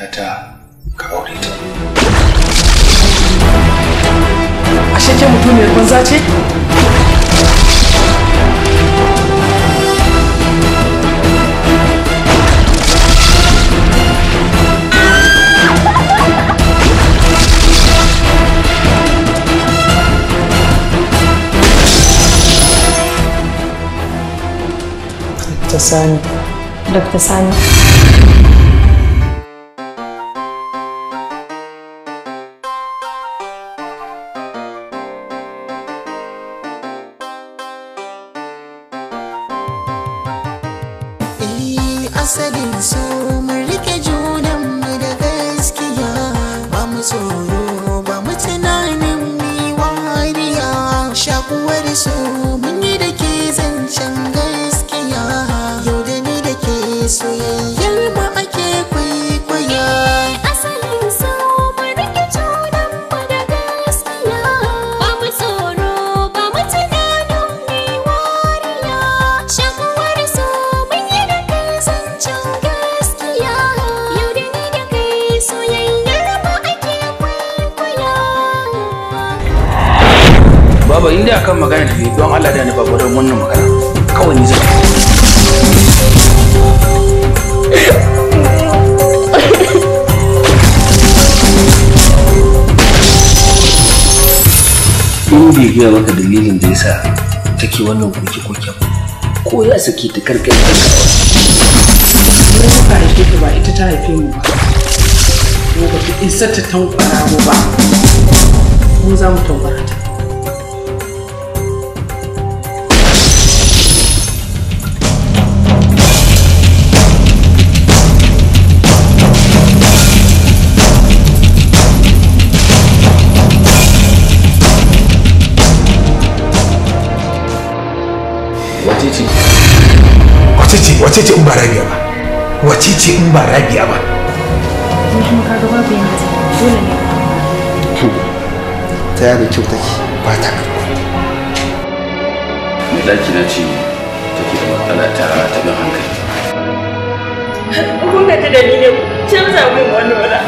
matata ka aure ta ashe ke mutumiyar banza ce Dr. Sani. Dr. Sani. asalin so mu rike junanmu da gaskiya ba mu so Baba in dai akan magana da don Allah da ni ba gwadon wannan magana. Kawai ni zan. In bai gaya maka dalilin da yasa take wannan koke-koken ko ya saki ta karkai ta kawai. Wani ba haife ta ba ita ta haife mu ba. Ko ba ta isa ta tankwara mu ba. mun za mu tankwara ta. wace ce wace ce in ba rabiya ba wace ce in ba rabiya ba ni kuma kaga ne kyau take ba ta karɓa mai ɗaki na ce take da matsala ta taɓin hankali kun ga ta dalilin canza min wani